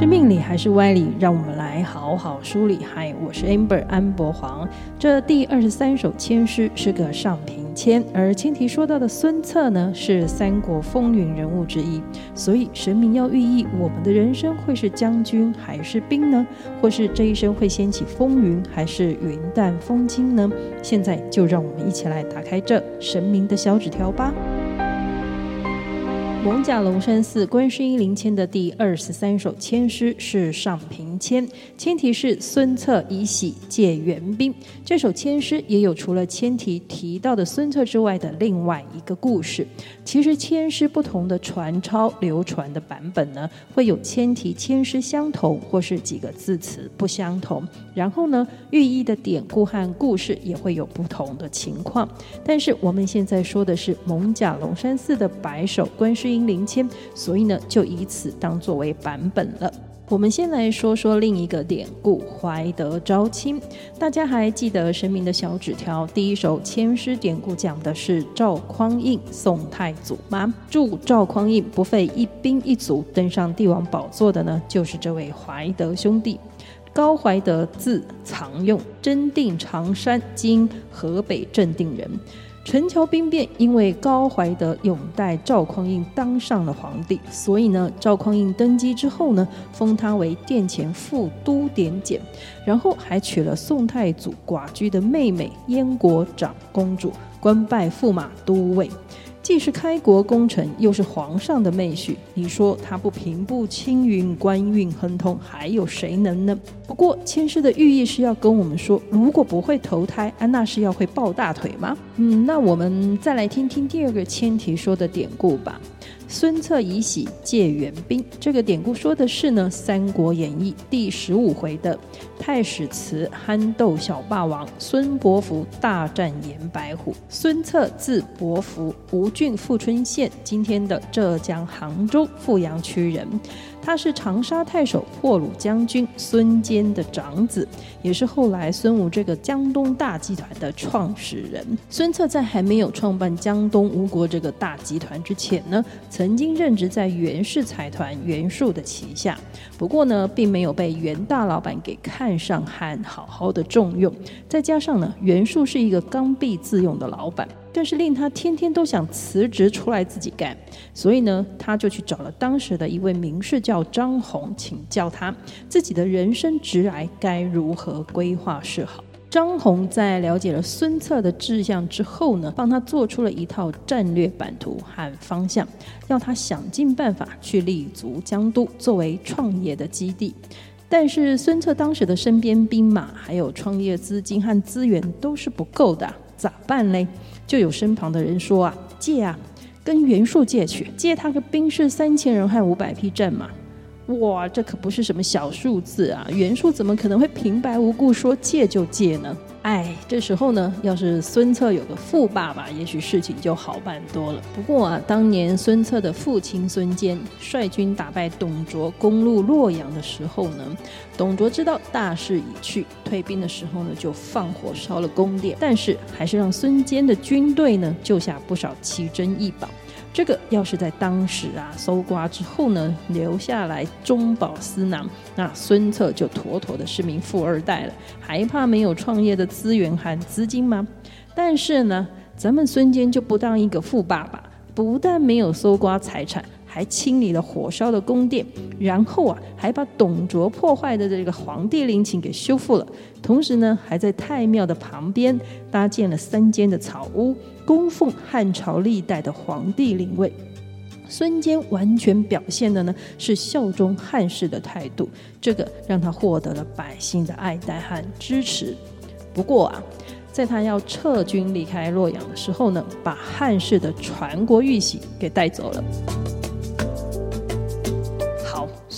是命理還是歪理？讓我們來好好梳理。嗨，我是 Amber 安博煌。這第二十三首籤詩是個上平籤，而籤題說到的孫策呢，是三國風雲人物之一。所以神明要寓意我們的人生會是將軍還是兵呢？或是這一生會掀起風雲還是雲淡風輕呢？現在就讓我們一起來打開這神明的小紙條吧。龍甲龍山寺觀世音靈籤的第二十三首籤詩是上平。籤，籤題是孫策以璽借袁兵。這首籤詩也有除了籤題提到的孫策之外的另外一個故事。其實籤詩不同的傳抄流傳的版本呢，會有籤題籤詩相同，或是幾個字詞不相同。然後呢，寓意的典故和故事也會有不同的情況。但是我們現在說的是艋舺龍山寺的百首觀世音靈籤，所以呢，就以此當作為版本了。我們先來說說另一個典故“懷德招親”。大家還記得神明的小紙條？第一首《籤詩》典故講的是趙匡胤、宋太祖嗎？祝趙匡胤不費一兵一卒登上帝王寶座的呢，就是這位懷德兄弟。高懷德，字藏用，真定常山（今河北正定人）。陳橋兵變，因為高懷德擁戴趙匡胤當上了皇帝，所以呢，趙匡胤登基之後呢，封他為殿前副都點檢，然後還娶了宋太祖寡居的妹妹燕國長公主，官拜駙馬都尉。既是開國功臣，又是皇上的妹婿，你說他不平步青雲、官運亨通，還有誰能呢？不過，籤詩的寓意是要跟我們說，如果不會投胎，安娜是要會抱大腿嗎？嗯，那我們再來聽聽第二個籤題說的典故吧。孫策以璽借袁兵，這個典故說的是呢《三國演義》第十五回的“太史慈酣鬥小霸王，孫伯符大戰嚴白虎”。孫策字伯符，吳郡富春縣（今天的浙江杭州富陽區）人，他是長沙太守破虜將軍孫堅的長子，也是後來孫吳這個江東大集團的創始人。孫策在還沒有創辦江東吳國這個大集團之前呢，曾經任職在袁氏財團袁術的旗下，不過呢，並沒有被袁大老闆給看上和好好的重用。再加上呢，袁術是一個剛愎自用的老闆，更是令他天天都想辭職出來自己幹。所以呢，他就去找了當時的一位名士叫張紘，請教他自己的人生職涯該如何規劃是好。張紘在了解了孫策的志向之後呢，幫他做出了一套戰略版圖和方向，要他想盡辦法去立足江都作為創業的基地。但是孫策當時的身邊兵馬還有創業資金和資源都是不夠的，咋辦呢？就有身旁的人說啊，借啊，跟袁術借去，借他個兵士三千人和五百匹戰馬。哇，這可不是什麼小數字啊！袁術怎麼可能會平白無故說借就借呢？哎，這時候呢，要是孫策有個富爸爸，也許事情就好辦多了。不過啊，當年孫策的父親孫堅率軍打敗董卓，攻入洛陽的時候呢，董卓知道大勢已去，退兵的時候呢，就放火燒了宮殿，但是還是讓孫堅的軍隊呢救下不少奇珍異寶。這個要是在當時啊，搜刮之後呢，留下來中飽私囊，那孫策就妥妥的是名富二代了，還怕沒有創業的資源和資金嗎？但是呢，咱們孫堅就不當一個富爸爸，不但沒有搜刮財產。還清理了火燒的宮殿，然後啊，還把董卓破壞的這個皇帝陵寢給修復了。同時呢，還在太廟的旁邊搭建了三間的草屋，供奉漢朝歷代的皇帝靈位。孫堅完全表現的呢是效忠漢室的態度，這個讓他獲得了百姓的愛戴和支持。不過啊，在他要撤軍離開洛陽的時候呢，把漢室的傳國玉璽給帶走了。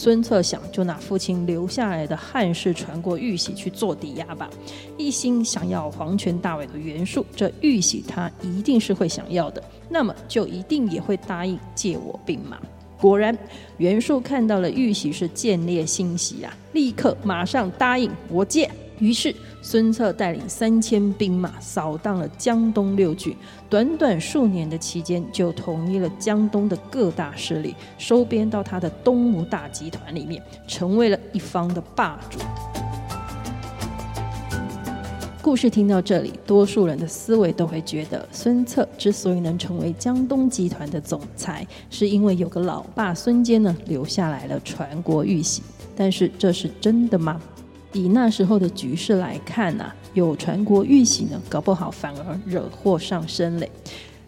孫策想，就拿父親留下來的漢室傳國玉璽去做抵押吧。一心想要皇權大位的袁術，這玉璽他一定是會想要的，那麼就一定也會答應借我兵馬。果然，袁術看到了玉璽是見獵心喜啊，立刻馬上答應我借。於是。孫策帶領三千兵馬掃蕩了江東六郡，短短數年的期間就統一了江東的各大勢力，收編到他的東吳大集團裡面，成為了一方的霸主。故事聽到這裡，多數人的思維都會覺得，孫策之所以能成為江東集團的總裁，是因為有個老爸孫堅呢留下來了傳國玉璽。但是，這是真的嗎？以那時候的局勢來看吶，有傳國玉璽呢，搞不好反而惹禍上身嘞。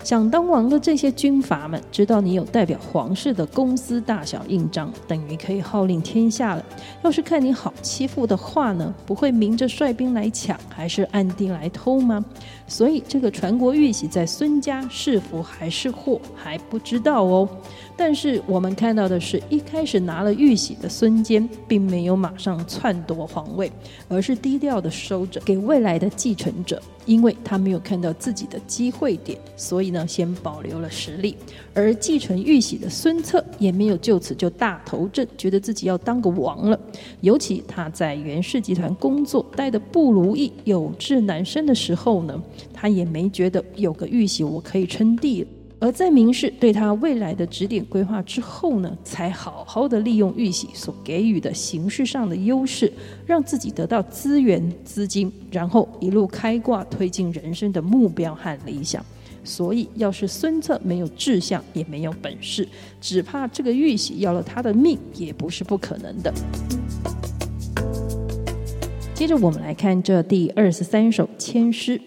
想當王的這些軍閥們，知道你有代表皇室的公私大小印章，等於可以號令天下了。要是看你好欺負的話呢，不會明着率兵來搶，還是暗地來偷嗎？所以，這個傳國玉璽在孫家是福還是禍還不知道哦。但是我們看到的是一開始拿了玉璽的孫堅，並沒有馬上篡奪皇位，而是低調的收着，給未來的繼承者。因為他沒有看到自己的機會點，所以。先保留了實力，而繼承玉璽的孫策也沒有就此就大頭陣，覺得自己要當個王了。尤其他在袁氏集團工作待得不如意、有志難伸的時候呢，他也沒覺得有個玉璽我可以稱帝了。而在明氏對他未來的指點規劃之後呢，才好好的利用玉璽所給予的形式上的優勢，讓自己得到資源、資金，然後一路開掛推進人生的目標和理想。所以，要是孫策沒有志向，也沒有本事，只怕這個玉璽要了他的命也不是不可能的。接着，我們來看這第二十三首籤詩：“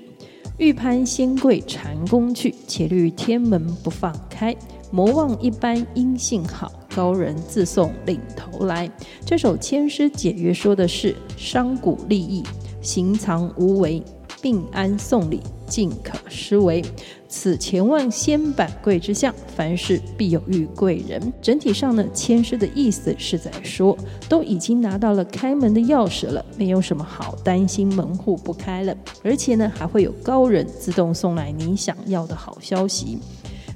欲攀仙桂蟾宮去，豈慮天門不放開。謀望一般音信好，高人自送嶺頭來。”這首籤詩解曰說的是商賈利益，行藏無危。病安訟理，儘可施為。此前望仙扳桂之象，凡事必有遇貴人。整體上呢，籤詩的意思是在說，都已經拿到了開門的鑰匙了，沒有什麼好擔心門戶不開了。而且呢，還會有高人自動送來你想要的好消息。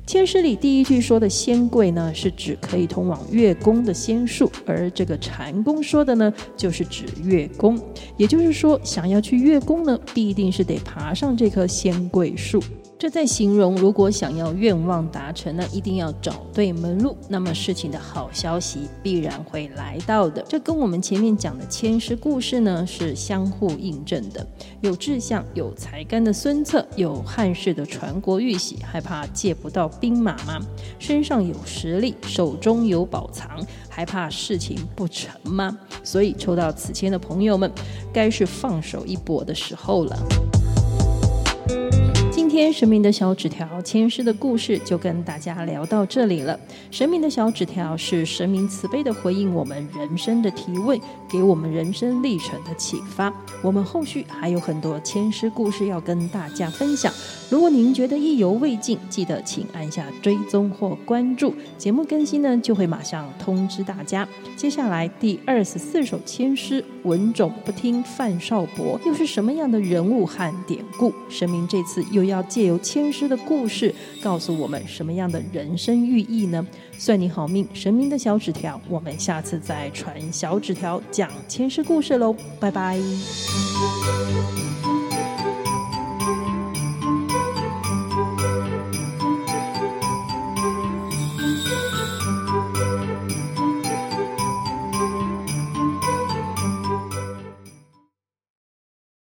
籤詩裡第一句說的仙桂呢，是指可以通往月宮的仙樹，而這個蟾宮說的呢，就是指月宮。也就是說，想要去月宮呢，必定是得爬上這棵仙桂樹。這在形容，如果想要願望達成呢，一定要找對門路，那麼事情的好消息必然會來到的。這跟我們前面講的籤詩故事呢，是相互印證的。有志向、有才幹的孫策，有漢室的傳國玉璽，還怕借不到兵馬嗎？身上有實力，手中有寶藏，還怕事情不成嗎？所以抽到此籤的朋友們，該是放手一搏的時候了。今天神明的小紙條，籤詩的故事就跟大家聊到這裡了。神明的小紙條是神明慈悲的回應，我們人生的提問，給我們人生歷程的啟發。我們後續還有很多籤詩故事要跟大家分享。如果您覺得意猶未盡，記得請按下追蹤或關注。節目更新呢，就會馬上通知大家。接下來第二十四首《籤詩》，文種不聽范少伯，又是什麼樣的人物和典故？神明這次又要借由籤詩的故事，告訴我們什麼樣的人生寓意呢？算你好命，神明的小紙條，我們下次再傳小紙條講籤詩故事嘍，拜拜。